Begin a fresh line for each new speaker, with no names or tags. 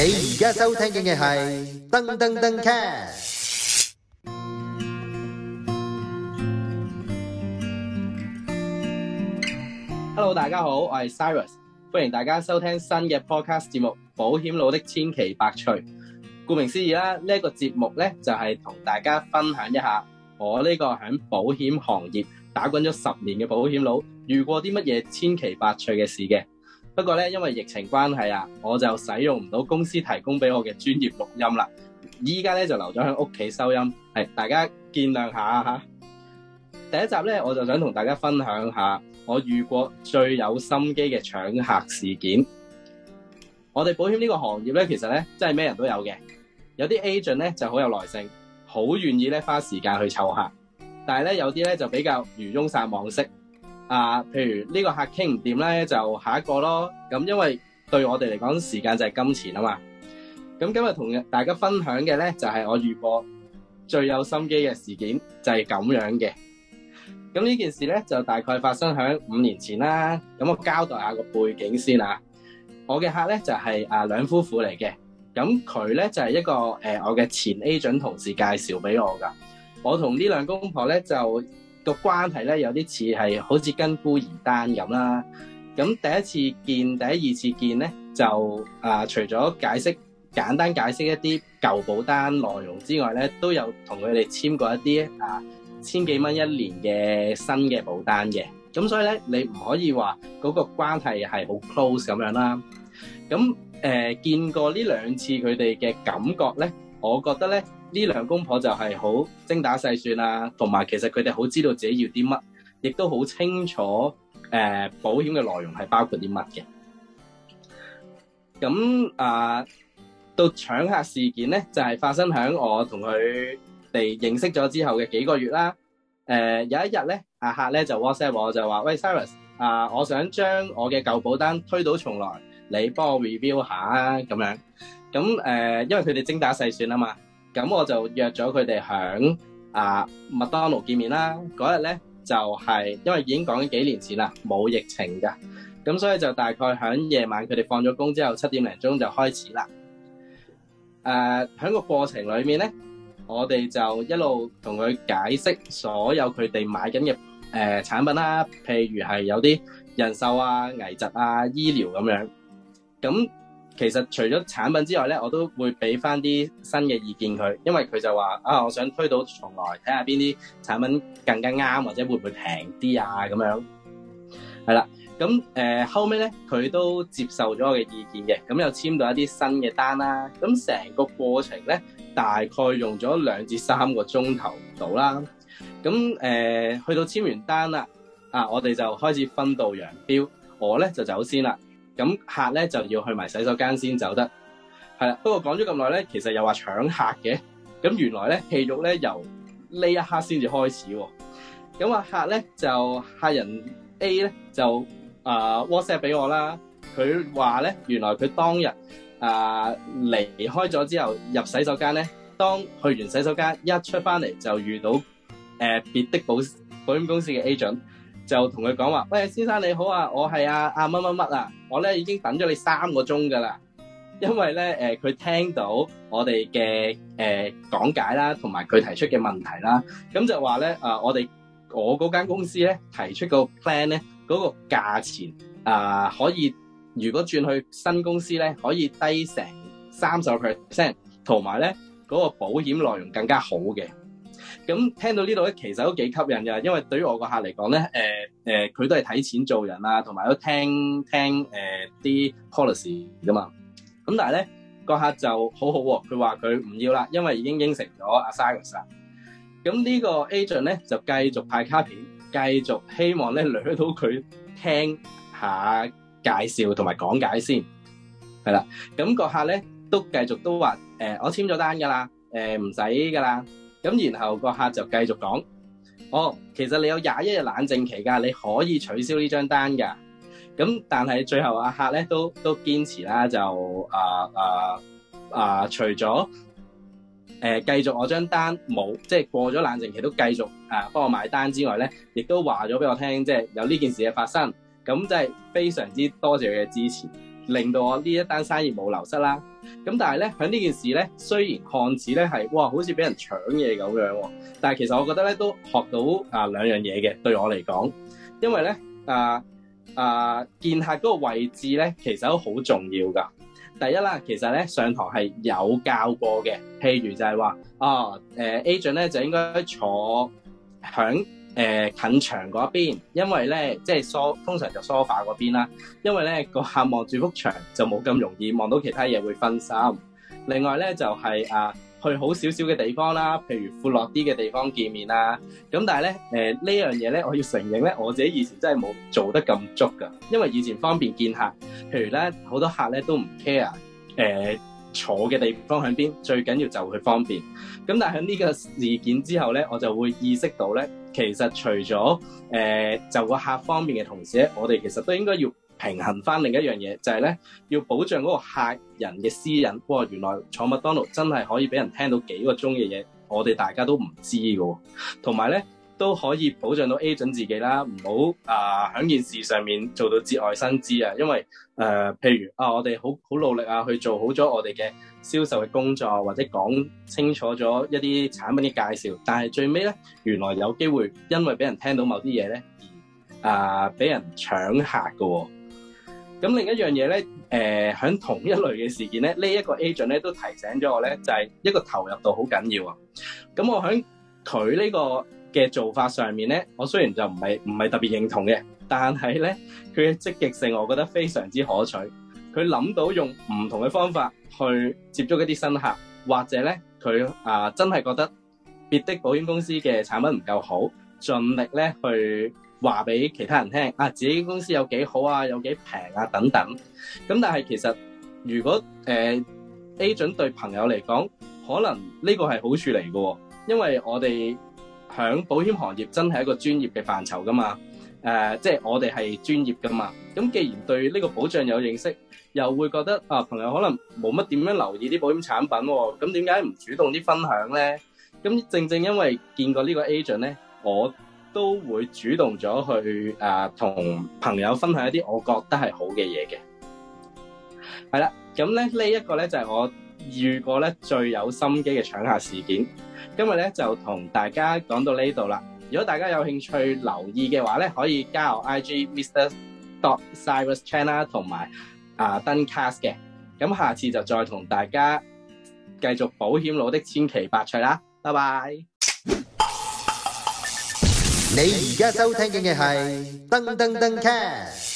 你而家收聽嘅係噔噔登 cast。Hello，大家好，我係 Cyrus，歡迎大家收聽新嘅 podcast 節目《保險佬的千奇百趣》。顧名思義啦，呢、這個節目呢就係同大家分享一下我呢個響保險行業打滾咗十年嘅保險佬遇過啲乜嘢千奇百趣嘅事嘅。不過咧，因為疫情關係啊，我就使用唔到公司提供俾我嘅專業錄音啦。依家咧就留咗喺屋企收音，係大家見諒一下吓。第一集咧，我就想同大家分享一下我遇過最有心機嘅搶客事件。我哋保險呢個行業咧,其實咧真係咩人都有嘅。有啲 agent 咧就好有耐性，好願意咧花時間去湊客，但係咧有啲咧就比較漁翁撒網式。啊，譬如呢個客傾唔掂咧，就下一個咯。咁因為對我哋嚟講，時間就係金錢啊嘛。咁今日同大家分享嘅咧，就係、是、我遇過最有心機嘅事件就係、是、咁樣嘅。咁呢件事咧就大概發生響五年前啦。咁我交代下個背景先啦、就是、啊。我嘅客咧就係啊兩夫婦嚟嘅。咁佢咧就係一個誒、呃、我嘅前 agent 同事介紹俾我噶。我同呢兩公婆咧就。個關係咧有啲似係好似跟孤兒單咁啦，咁第一次見，第一二次見咧就啊，除咗解釋簡單解釋一啲舊保單內容之外咧，都有同佢哋簽過一啲啊千幾蚊一年嘅新嘅保單嘅，咁所以咧你唔可以話嗰個關係係好 close 咁樣啦，咁誒、呃、見過呢兩次佢哋嘅感覺咧，我覺得咧。呢兩公婆就係好精打細算啊，同埋其實佢哋好知道自己要啲乜，亦都好清楚誒、呃、保險嘅內容係包括啲乜嘅。咁啊、呃，到搶客事件咧，就係、是、發生喺我同佢哋認識咗之後嘅幾個月啦。誒、呃、有一日咧，阿客咧就 WhatsApp 我，我就話：喂，Cyrus 啊、呃，我想將我嘅舊保單推倒重來，你幫我 review 下啊，咁樣咁、呃、因為佢哋精打細算啊嘛。咁我就約咗佢哋喺啊麥當勞見面啦。嗰日咧就係因為已經講緊幾年前啦，冇疫情嘅，咁所以就大概喺夜晚佢哋放咗工之後，七點零鐘就開始啦。誒喺個過程裏面咧，我哋就一路同佢解釋所有佢哋買緊嘅誒產品啦，譬如係有啲人壽啊、危疾啊、醫療咁樣，咁。其實除咗產品之外咧，我都會俾翻啲新嘅意見佢，因為佢就話啊，我想推倒重來，睇下邊啲產品更加啱，或者會唔會平啲啊咁樣。係啦，咁誒、呃、後尾咧，佢都接受咗我嘅意見嘅，咁又簽到一啲新嘅單啦。咁成個過程咧，大概用咗兩至三個鐘頭到啦。咁誒、呃、去到簽完單啦，啊，我哋就開始分道揚鑣，我咧就走先啦。咁客咧就要去埋洗手間先走得，係啦。不過講咗咁耐咧，其實又話搶客嘅。咁原來咧，戲肉咧由呢一刻先至開始喎。咁啊，客咧就客人 A 咧就啊 WhatsApp 俾我啦。佢話咧，原來佢當日啊離開咗之後入洗手間咧，當去完洗手間一出返嚟就遇到誒別的保保險公司嘅 agent，就同佢講話，喂，先生你好啊，我係啊啊乜乜乜啊。我咧已經等咗你三個鐘㗎啦，因為咧誒佢聽到我哋嘅誒講解啦，同埋佢提出嘅問題啦，咁就話咧啊，我哋我嗰間公司咧提出個 plan 咧，嗰個價錢啊，呃，可以，如果轉去新公司咧，可以低成三十 percent，同埋咧嗰個保險內容更加好嘅。咁聽到呢度咧，其實都幾吸引㗎，因為對於我個客嚟講咧，誒誒，佢都係睇錢做人啦，同埋都聽聽誒啲 policy 㗎嘛。咁但係咧個客就好好喎，佢話佢唔要啦，因為已經應承咗阿 Silas 啦。咁呢個 Agent 咧就繼續派卡片，繼續希望咧掠到佢聽下介紹同埋講解先係啦。咁個客咧都繼續都話誒，我簽咗單㗎啦，誒唔使㗎啦。咁，然後個客就繼續講，哦，其實你有廿一日冷靜期㗎，你可以取消呢張單㗎。咁，但係最後阿客咧都都堅持啦，就啊啊啊，除咗誒繼續我張單冇，即係過咗冷靜期都繼續啊幫我買單之外咧，亦都話咗俾我聽，即係有呢件事嘅發生，咁即係非常之多謝你嘅支持。令到我呢一單生意冇流失啦，咁但係咧響呢件事咧，雖然看似咧係哇好似俾人搶嘢咁樣，但係其實我覺得咧都學到啊兩樣嘢嘅，對我嚟講，因為咧啊啊見客嗰個位置咧其實都好重要㗎。第一啦，其實咧上堂係有教過嘅，譬如就係話啊誒、呃、agent 咧就應該坐響，誒近牆嗰邊，因為咧即係 so 通常就梳化嗰邊啦，因為咧個客望住幅牆就冇咁容易望到其他嘢會分心。另外咧就係、是、啊去好少少嘅地方啦，譬如闊落啲嘅地方見面啦。咁但係咧呃、呢樣嘢咧，我要承認咧，我自己以前真係冇做得咁足噶，因為以前方便見客，譬如咧好多客咧都唔 care 坐嘅地方喺邊，最緊要就佢方便。咁但喺呢個事件之後咧，我就會意識到咧，其實除咗誒、呃、就個客方便嘅同時咧，我哋其實都應該要平衡返另一樣嘢，就係、是、咧要保障嗰個客人嘅私隱。哇、哦！原來坐麥當勞真係可以俾人聽到幾個鐘嘅嘢，我哋大家都唔知㗎喎，同埋咧，都可以保障到 agent 自己啦，唔好啊喺件事上面做到節外生枝啊。因為誒、呃，譬如啊，我哋好好努力啊，去做好咗我哋嘅銷售嘅工作，或者講清楚咗一啲產品嘅介紹，但係最尾咧，原來有機會因為俾人聽到某啲嘢咧，而啊俾人搶客嘅、喔。咁另一樣嘢咧，誒、呃、喺同一類嘅事件咧，呢、這、一個 agent 咧都提醒咗我咧，就係、是、一個投入度好緊要啊。咁我響佢呢個。嘅做法上面呢，我雖然就唔係，唔係特別認同嘅，但係呢，佢嘅積極性我覺得非常之可取。喺保險行業真係一個專業嘅範疇㗎嘛？誒、呃，即係我哋係專業㗎嘛？咁既然對呢個保障有認識，又會覺得啊，朋友可能冇乜點樣留意啲保險產品喎、啊？咁點解唔主動啲分享呢？咁正正因為見過呢個 agent 呢，我都會主動咗去誒同、啊、朋友分享一啲我覺得係好嘅嘢嘅。係啦，咁咧呢一、這個呢，就係、是、我。遇過咧最有心機嘅搶客事件，今日咧就同大家講到呢度啦。如果大家有興趣留意嘅話咧，可以加我 IG Mr. Cyrus Channel 同埋啊 Duncast 嘅。咁下次就再同大家繼續保險佬的千奇百趣啦。拜拜！你而家收聽緊嘅係 Duncast。